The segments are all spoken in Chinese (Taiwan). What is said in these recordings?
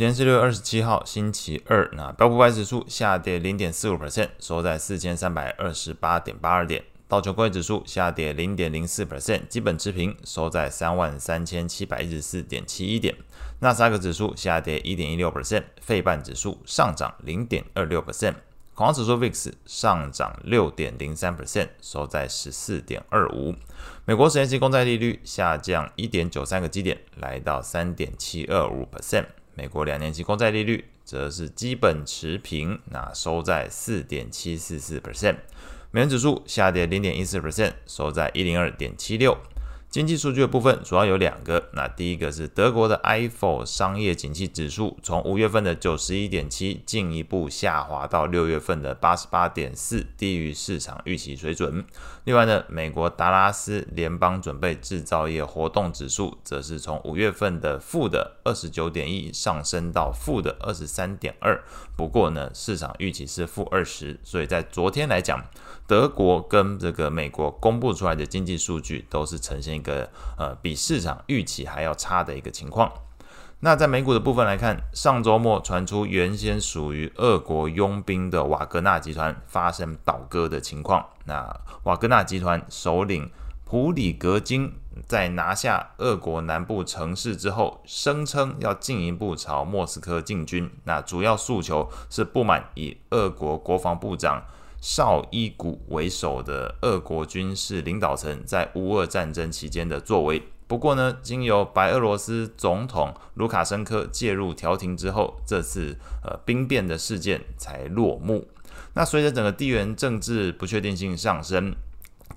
今天是六月二十七號，星期二。那標普五百指數下跌零點四五百分，收在四千三百二十八點八二點。道瓊工業指數下跌零點零四百分，基本持平，收在三萬三千七百一十四點七一點。納斯達克指數下跌一點一六百分，費半指數上漲零點二六百分，恐慌指數 VIX 上漲六點零三百分，收在十四點二五。美國十年期公債利率下降一點九三個基點，來到三點七二五百分。美國兩年期公債利率則是基本持平，那收在四點七四四 percent。美元指數下跌零點一四 percent，收在一零二點七六。經濟數據的部分主要有兩個，那第一個是德國的 IFO 商業景氣指數，從五月份的九十一點七進一步下滑到六月份的八十八點四，低於市場預期水準。另外呢，美國達拉斯聯邦準備製造業活動指數則是從五月份的負的二十九點一上升到負的二十三點二，不過呢，市場預期是負二十，20，所以在昨天來講，德國跟這個美國公布出來的經濟數據都是呈現。一個呃，比市場預期還要差的一個情況。那在美股的部分來看，上周末傳出原先屬於俄國傭兵的瓦格納集團發生倒戈的情況。那瓦格納集團首領普里格金在拿下俄國南部城市之後，聲稱要進一步朝莫斯科進軍。那主要訴求是不滿以俄國國防部長紹伊古為首的俄國軍事領導層在烏俄戰爭期間的作為。不過呢，經由白俄羅斯總統盧卡申科介入調停之後，這次，呃，兵變的事件才落幕。那隨着整個地緣政治不確定性上升。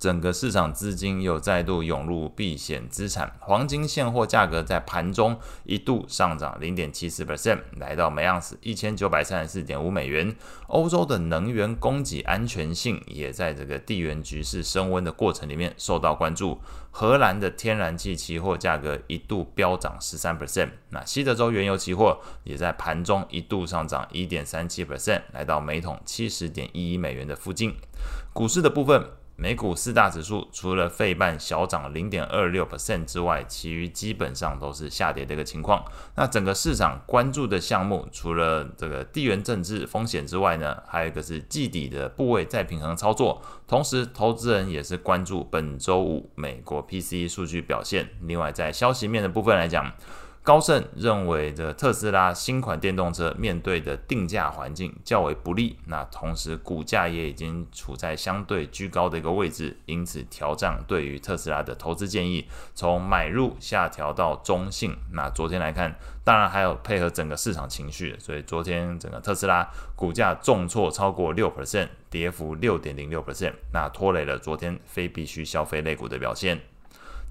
整個市場資金又再度湧入避險資產，黃金現貨價格在盤中一度上漲零點七四 percent，來到每盎司一千九百三十四點五美元。歐洲的能源供給安全性也在這個地緣局勢升溫的過程裡面受到關注，荷蘭的天然氣期貨價格一度飆漲十三 percent，那西德州原油期貨也在盤中一度上漲一點三七 percent，來到每桶七十點一一美元的附近。股市的部分。美股四大指數除了費半小漲零點二六 percent 之外，其餘基本上都是下跌的一個情況。那整個市場關注的項目，除了這個地緣政治風險之外呢，還有一個是季底的部位再平衡操作。同時，投資人也是關注本周五美國 PCE 數據表現。另外，在消息面的部分來講，高盛認為，的特斯拉新款電動車面對的定價環境較為不利，那同時股價也已經處在相對居高的一個位置，因此調降對於特斯拉的投資建議，從買入下調到中性。那昨天來看，當然還有配合整個市場情緒，所以昨天整個特斯拉股價重挫超過六 percent，跌幅六點零六 percent，那拖累了昨天非必需消費類股的表現。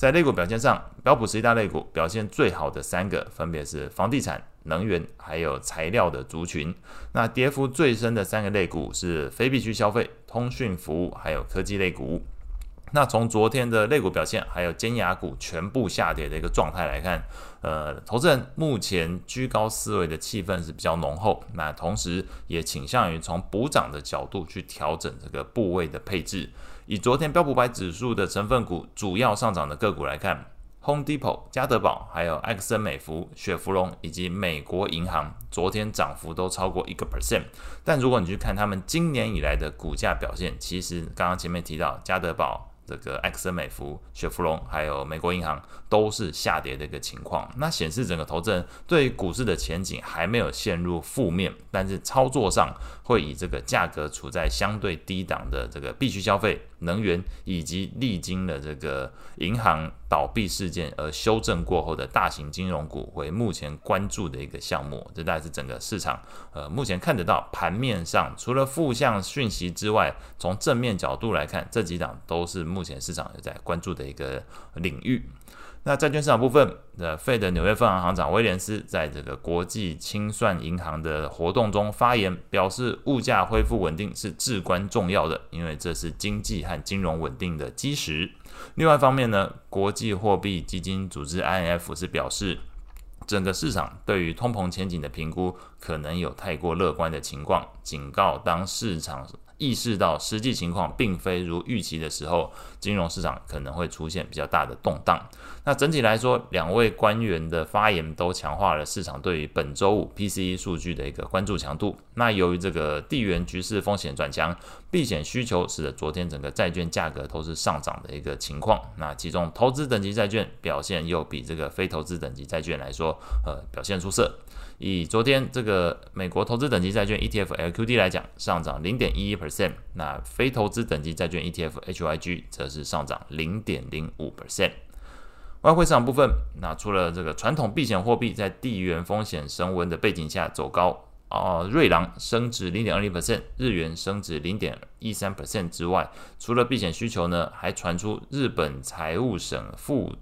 在類股表現上，標普十一大類股表現最好的三個，分別是房地產、能源還有材料的族群。那跌幅最深的三個類股是非必需消費、通訊服務還有科技類股。那從昨天的類股表現，還有尖牙股全部下跌的一個狀態來看，呃，投資人目前居高思危的氣氛是比較濃厚，那同時也傾向於從補漲的角度去調整這個部位的配置。以昨天標普百指數的成分股主要上漲的個股來看，Home Depot、家得寶，還有埃克森美孚、雪佛龍以及美國銀行，昨天漲幅都超過一個 percent。但如果你去看他們今年以來的股價表現，其實剛剛前面提到家得寶，這個埃克森美孚、雪佛龍還有美國銀行都是下跌的一個情況，那顯示整個投資人對於股市的前景還沒有陷入負面，但是操作上會以這個價格處在相對低檔的這個必需消費、能源以及歷經了這個銀行倒閉事件而修正過後的大型金融股為目前關注的一個項目。這大概是整個市場。呃，目前看得到盤面上除了負向訊息之外，從正面角度來看，這幾檔都是。目前市場有在關注的一個領域。那債券市場部分的 Fed 的紐約分行行長威廉斯在這個國際清算銀行的活動中發言，表示物價恢復穩定是至關重要的，因為這是經濟和金融穩定的基石。另外一方面呢，國際貨幣基金組織 IMF 是表示，整個市場對於通膨前景的評估可能有太過樂觀的情況，警告當市場。意識到實際情況並非如預期的時候，金融市場可能會出現比較大的動蕩。那整體來說，兩位官員的發言都強化了市場對於本周五 PCE 數據的一個關注強度。那由於這個地緣局勢風險轉強，避險需求使得昨天整個債券價格都是上漲的一個情況。那其中投資等級債券表現又比這個非投資等級債券來說，呃，表現出色。以昨天這個美國投資等級債券 ETF LQD 來講，上漲零點一一%。那非投資等級債券 ETF HYG 則是上漲零點零五 percent。外匯市場部分，那除了這個傳統避險貨幣在地緣風險升溫的背景下走高，呃，瑞郎升值零點二零 percent，日元升值零點一三 percent 之外，除了避險需求呢，還傳出日本財務省負。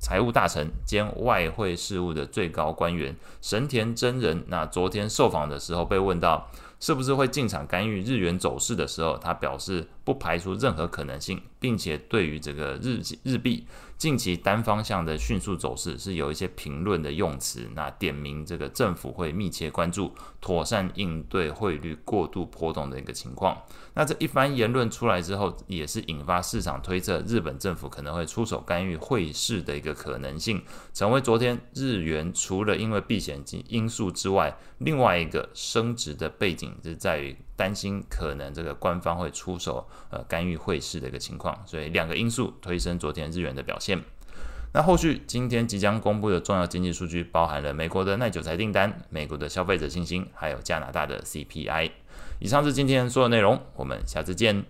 財務大臣兼外匯事務的最高官員神田真人，那昨天受訪的時候被問到是不是會進場干預日元走勢的時候，他表示不排除任何可能性。並且對於這個日日幣近期單方向的迅速走勢是有一些評論的用詞，那點名這個政府會密切關注，妥善應對匯率過度波動的一個情況。那這一番言論出來之後，也是引發市場推測日本政府可能會出手干預匯市的一個可能性，成為昨天日元除了因為避險因素之外，另外一個升值的背景是在於。擔心可能這個官方會出手呃干預匯市的一個情況，所以兩個因素推升昨天日元的表現。那後續今天即將公布的重要經濟數據包含了美國的耐久財訂單、美國的消費者信心，還有加拿大的 CPI。以上是今天所有內容，我們下次見。